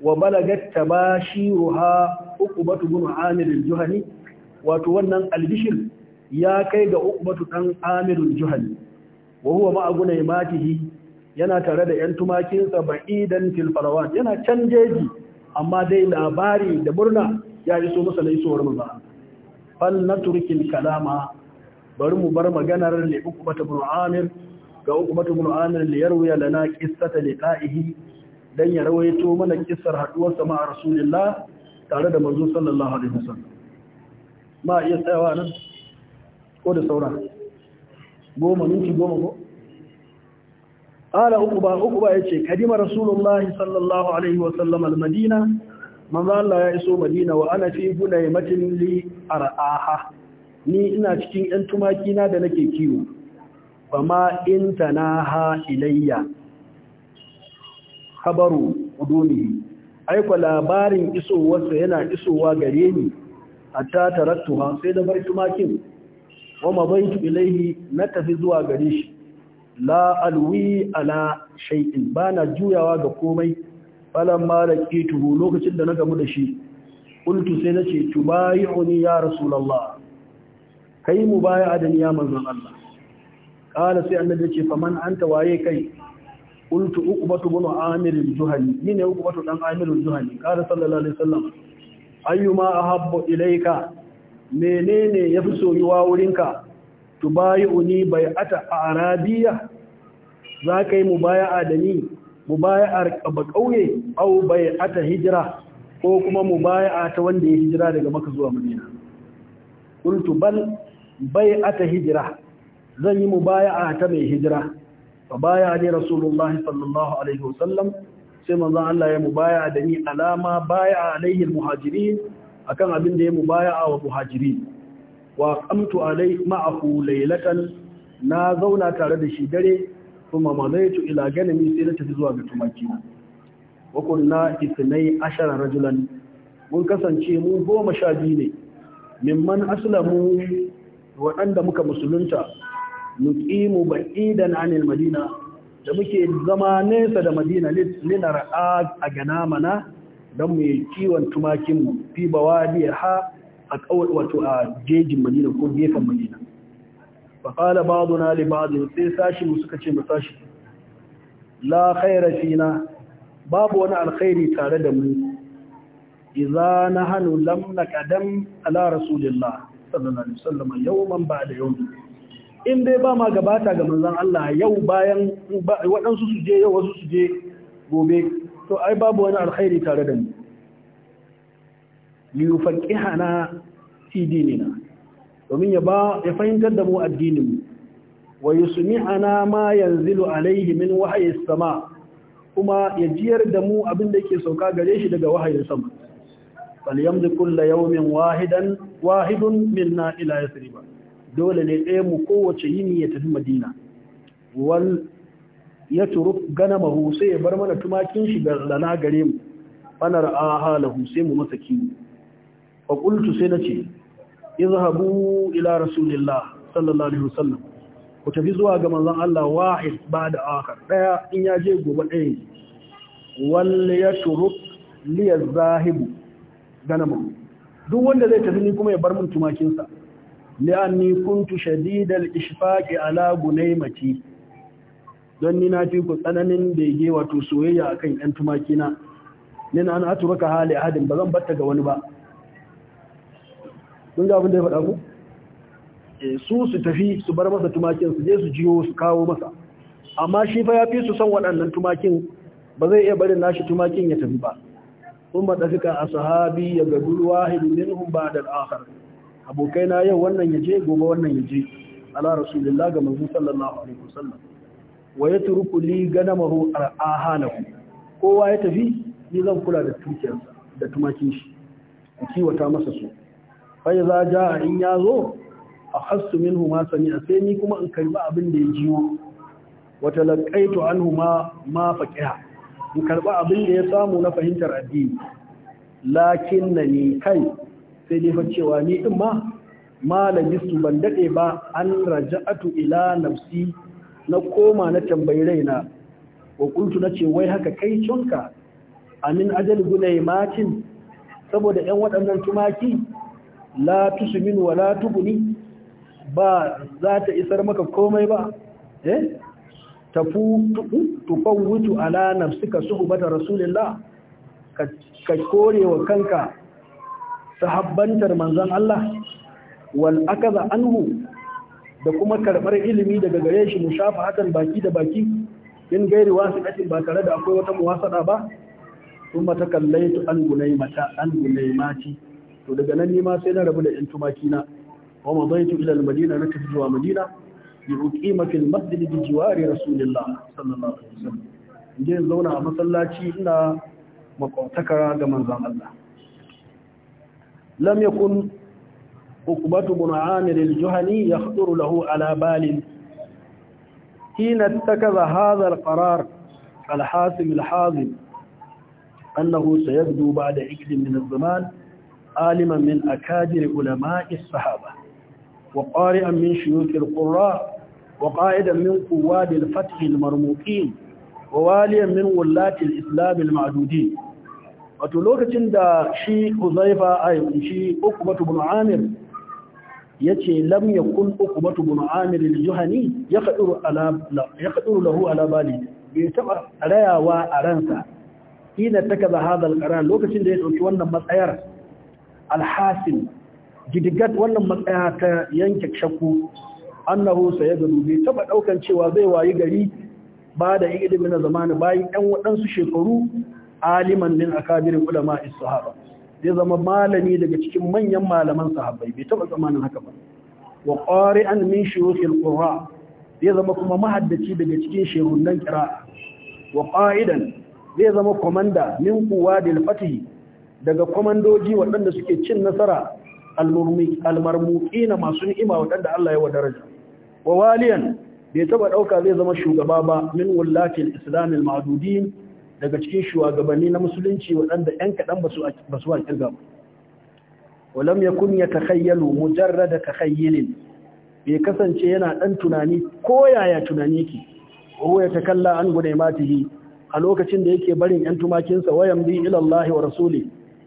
[SPEAKER 1] wa balagat tabashiruha uqbatu bin Amir al-Juhani wato wannan albishir ya kai ga uqbatu dan Amir al-Juhani wa huwa ma'a gunaymatihi yana tare da ‘yan tumakinsa ba'idan filfarawan yana can jeji amma dai labari da murna ya iso masa na isowar mu ba. Fal na turkin kalama bari mu bar maganar li ukumata bin Amir ga ukumata bin Amir li yarwaya lana qissata liqa'ihi dan ya rawaito mana kissar haduwar sa ma Rasulullah tare da manzo sallallahu alaihi wasallam. Ma iya tsayawa nan ko da saura. Goma minti goma ko? qala uqba uqba yace kadima rasulullahi sallallahu alaihi wa sallam madina manzo Allah ya iso madina wa ana fi gunaymatin li araha ni ina cikin yan tumaki na da nake kiwo fama in ilayya khabaru udunihi aiko labarin isowarsa yana isowa gare ni hatta tarattuha sai da bar tumakin wa mabaitu ilayhi na tafi zuwa gare shi la alwi ala shay'in bana juyawa ga komai falan malaki tuhu lokacin da na gamu da shi qultu sai nace tubayuni ya rasulullah kai mubaya'a da ni ya manzon Allah qala sai annabi yace faman anta waye kai qultu uqbatu bin amir al-juhani ni ne uqbatu dan amir al-juhani qala sallallahu alaihi wasallam ayyuma ahabbu ilayka menene yafi soyuwa wurinka tubayi'uni bai'ata arabiya za ka yi mubaya'a da ni a ƙauye au ata hijira ko kuma mubaya'a ta wanda ya hijira daga maka zuwa madina qultu bal bai'ata hijira zan yi mubaya'a ta mai hijira Ba baya ne rasulullah sallallahu alaihi wasallam sai manzan Allah ya mubaya'a da ni alama baya alaihi almuhajirin akan abin da ya mubaya'a wa muhajirin wa qamtu alai ma'ahu laylatan na zauna tare da shi dare kuma mazaitu ila ganimi sai na tafi zuwa ga tumaki wa kunna ithnai ashara rajulan mun kasance mu goma sha biyu ne mimman aslamu waɗanda muka musulunta nuqimu ba'idan anil madina da muke zama nesa da madina linar a mana, don mu yi kiwon tumakin mu fi bawadiyar ha a kawai wato a jejin madina ko gefen madina fa qala ba'duna li ba'd sai sashi mu suka ce mu sashi la khaira fina babu wani alkhairi tare da mu Iza idza nahnu lam naqadam ala rasulillah sallallahu alaihi wasallam ba da yau. in dai ba ma gabata ga manzon Allah yau bayan waɗansu su je yau wasu su je gobe to ai babu wani alkhairi tare da mu liyufaqihana fi dinina domin ya ba ya fahimtar da mu addininmu wa yusmi'ana ma yanzilu alaihi min wahyi sama kuma ya jiyar da mu abin da yake sauka gare shi daga wahayin sama fal yamdu kullu yawmin wahidan wahidun minna ila yasriba dole ne ɗaya mu kowace yini ya tafi madina wal ya turu ganamahu sai ya bar mana tumakin shi ga lana gare mu fanar a sai mu masa kiwo faƙultu sai na ce izhabu ila rasulillah sallallahu alaihi wasallam ku tafi zuwa ga manzon Allah wahid ba'da akhar daya in ya je gobe daya wal yatruk li dana mu duk wanda zai tafi ni kuma ya bar min tumakin sa li'anni kuntu shadidal ishfaqi ala gunaymati don ni na fi ku tsananin da ge wato soyayya akan yan tumakina na an aturuka hali ahadin ba zan batta ga wani ba kun ga abin da ya faɗa ku eh, su su tafi su bar masa tumakin su je su jiyo su kawo masa amma shi fa ya fi su san waɗannan tumakin ba zai iya barin nashi tumakin ya tafi ba kuma dafika ashabi ya gadu wahid ba da al-akhar abokaina yau wannan ya je, gobe wannan ya je. ala rasulillah ga manzo sallallahu alaihi wasallam wa yatruku li ganamahu ahanahu kowa ya tafi ni zan kula da tumakin da tumakin shi kiwata masa su fai za ja in ya zo a hasu min huma sani a sai ni kuma in karbi abin da ya jiwo wata laƙaito an huma ma faƙiha in karbi abin da ya samu na fahimtar addini lakin na ne kai sai dai cewa ni din ma ma ban daɗe ba an raja'atu ila nafsi na koma na tambayi raina wa kultu na ce wai haka kai cinka amin ajal gulai makin saboda 'yan waɗannan tumaki la tusmin wala tubni ba za ta isar maka komai ba eh tafu tufawwitu ala nafsika suhbata rasulillah ka kore korewa kanka sahabbantar manzon Allah wal akaza anhu da kuma karbar ilimi daga gare shi mushafahatan baki da baki in gairi wasiqatin ba tare da akwai wata muwasada ba kuma ta kallaitu an gunaimata an gunaimati to daga nan ni ma sai na rabu da yan tumaki na wa madaitu ila al-madina na tafi zuwa madina bi uqima fil masjid bi jiwari rasulillah sallallahu alaihi wasallam je zauna a masallaci ina makwataka ga manzon Allah lam yakun uqbatu bin amir al-juhani yakhduru lahu ala balin حين اتكذ هذا القرار الحاسم الحازم أنه سيبدو بعد عقد من الزمان عالما من أكابر علماء الصحابة وقارئا من شيوخ القراء وقائدا من قواد الفتح المرموقين وواليا من ولاة الإسلام المعدودين وتلوكة دا شي حذيفة أي شي أقبة بن عامر يتي لم يكن أقبة بن عامر الجهني يقدر على يقدر له على بالي بيتبع عليا وأرانسا حين اتكذ هذا القران لوكة دا يتوكي وانا مسأير alhasin gidigat wannan matsaya ta yanke shakku annahu sayadru bai taba daukan cewa zai wayi gari ba da ilimi na zamani bayan ɗan waɗansu shekaru aliman min akabirin ulama sahaba zai zama malami daga cikin manyan malaman sahabbai bai taba zamanin haka ba wa qari'an min shuyukhil qurra zai zama kuma mahaddaci daga cikin shehunnan kira wa qa'idan zai zama komanda min quwadil fatih daga kwamandoji waɗanda suke cin nasara almarmuki na masu ni'ima waɗanda Allah ya wa daraja wa waliyan bai taba ɗauka zai zama shugaba ba min wallatil islamil ma'adudin daga cikin shugabanni na musulunci waɗanda 'yan kaɗan ba su kirga ba walam ya kun ya takayyalu mujarra da takayyilin bai kasance yana ɗan tunani ko yaya tunani ke ko ya takalla an matihi a lokacin da yake barin 'yan tumakinsa wayan bi ilallahi wa rasuli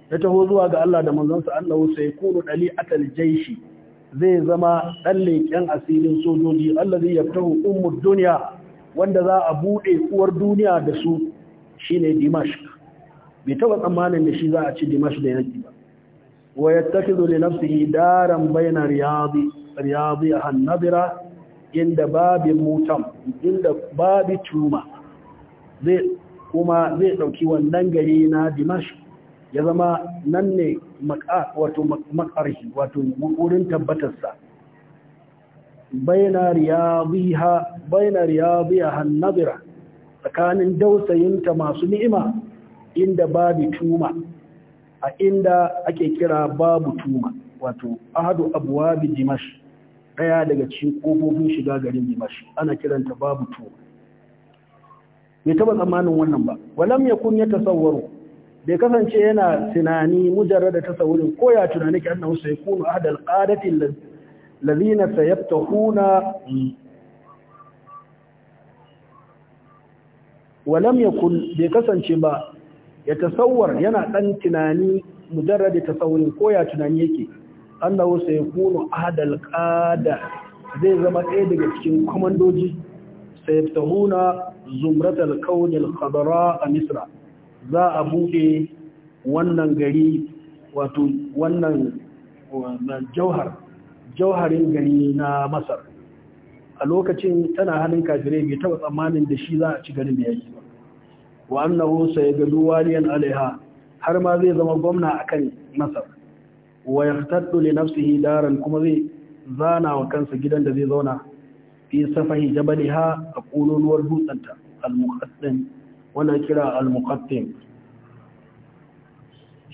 [SPEAKER 1] na taho zuwa ga Allah da manzansa Allah sai kunu dali atal jaishi zai zama dan leƙen asirin sojoji Allah zai yaftahu ummud dunya wanda za a bude uwar duniya da su shine dimashq bai taba tsammanin da shi za a ci Dimash da yaki ba wa yattakidu li nafsihi daran bayna riyadi riyadi an-nadira inda babin mutam inda babi tuma zai kuma zai dauki wannan gari na Dimash. ya zama nan ne wato makarshi wato wurin tabbatarsa bayna riyabiha bayna riyabiha tsakanin dausayinta masu ni'ima inda babu tuma a inda ake kira babu tuma wato ahadu abwabi dimash daya daga cikin kofofin shiga garin dimash ana kiranta babu tuma bai taba tsammanin wannan ba walam yakun yatasawwaru bai kasance yana tunani mujarrad da tasawurin ko ya tunani ki annahu sayakunu ahadal qadati allazina sayabtahuna walam yakun bai kasance ba ya tasawwar yana dan tunani mujarrad da tasawurin ko ya tunani yake annahu a hadal qada zai zama ɗaya daga cikin komandoji sayabtahuna zumratal kawnil khadra a misra za a buɗe wannan gari wato wannan jauhar jauharin gari na masar a lokacin tana hannun kafirai mai taɓa tsammanin da shi za a ci garin da ya ba ba wa ya gado waliyan alaiha har ma zai zama gwamna a kan masar wa taɗo li nafsihi hidaran kuma zai zana wa kansa gidan da zai zauna fi safahi jabaliha a ƙololuwar dutsenta, al-muqaddim wannan kira al-muqattim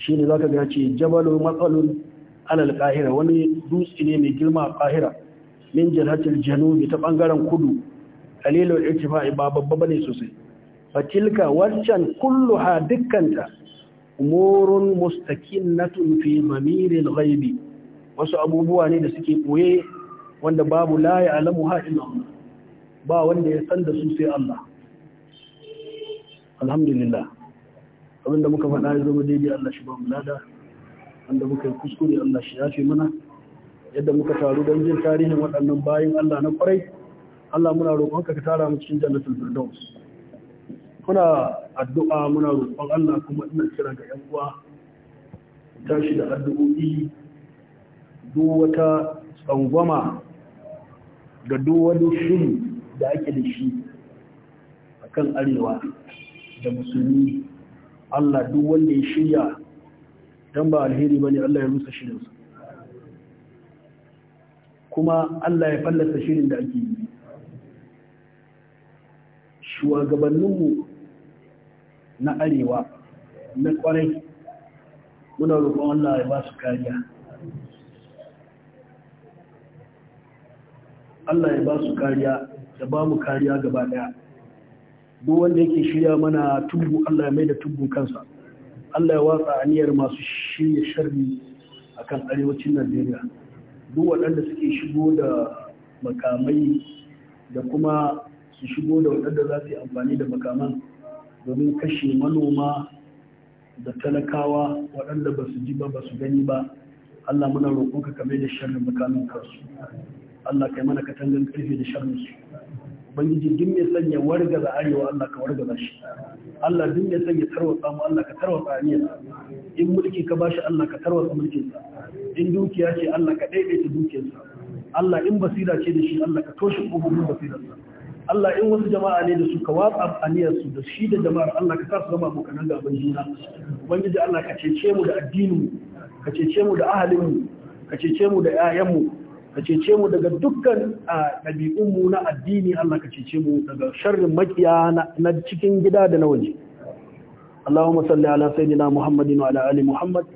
[SPEAKER 1] shi ne za ka gace jabalu matsalun alal ƙahira wani dutse ne mai girma a ƙahira min jihatul janubi ta ɓangaren kudu kalilun irtifa'i ba babba ne sosai fatilka waccan kulluha dukkanta umurun mustaqinnatun fi mamiril ghaibi wasu abubuwa ne da suke ɓoye wanda babu la ya'lamuha illa Allah ba wanda ya san da su sai Allah alhamdulillah abinda muka faɗa ya zama daidai Allah shi ba mu lada wanda muka yi kuskure Allah shi yafe mana yadda muka taru don jin tarihin waɗannan bayan Allah na kwarai Allah muna roƙon ka tara mu cikin jannatul firdaus muna addu'a muna roƙon Allah kuma ina kira ga ƴan uwa tashi da addu'o'i duk wata tsangwama da duk wani shiri da ake da shi akan arewa da musulmi Allah duk wanda ya shirya dan ba alheri bane Allah ya rusa shirinsa kuma Allah ya fallasa shirin da ake yi shugabanninmu na arewa na kwarai muna roƙon Allah ya ba su kariya Allah ya ba su kariya da ba mu kariya gaba daya duk wanda yake shirya mana tubu Allah ya mai da tubu kansa Allah ya watsa aniyar masu shirya sharri akan arewacin Najeriya duk waɗanda suke shigo da makamai da kuma su shigo da waɗanda za su yi amfani da makaman domin kashe manoma da talakawa waɗanda ba su ji ba ba su gani ba Allah muna roƙonka ka mai da sharri makamin kansu Allah kai mana katangan karfe da sharri su ubangiji duk mai sanya wargaza arewa Allah ka wargaza shi Allah duk mai sanya tarwatsa mu Allah ka tarwatsa aniyar in mulki ka bashi Allah ka tarwatsa mulkinsa. in dukiya ce Allah ka daidaita dukiyarsa. Allah in basira ce da shi Allah ka toshe kofofin basirar sa Allah in wasu jama'a ne da su ka watsa aniyar da shi da jama'ar Allah ka sa su zama abokan gaban juna ubangiji Allah ka cece mu da addinin mu ka cece mu da ahalin mu ka cece mu da 'ya'yan mu ka cece mu daga dukkan ɗabi'unmu na addini Allah ka cece mu daga sharrin makiya na cikin gida da na waje Allahumma salli ala sayyidina Muhammadin wa ala ali Muhammad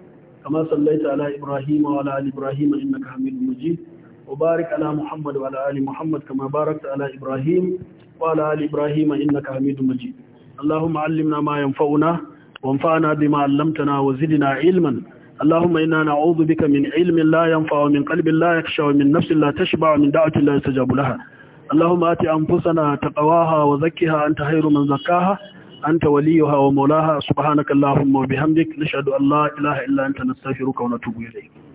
[SPEAKER 1] kama sallaita ala Ibrahim wa ala ali Ibrahim innaka Hamidum Majid wa barik ala Muhammad wa ala ali Muhammad kama barakta ala Ibrahim wa ala ali Ibrahim innaka Hamidum Majid Allahumma allimna ma yanfa'una wanfa'na bima 'allamtana wa zidna 'ilman اللهم إنا نعوذ بك من علم لا ينفع ومن قلب لا يخشى ومن نفس لا تشبع ومن دعوة لا يستجاب لها اللهم آت أنفسنا تقواها وزكها أنت خير من زكاها أنت وليها ومولاها سبحانك اللهم وبحمدك نشهد أن لا إله إلا أنت نستغفرك ونتوب إليك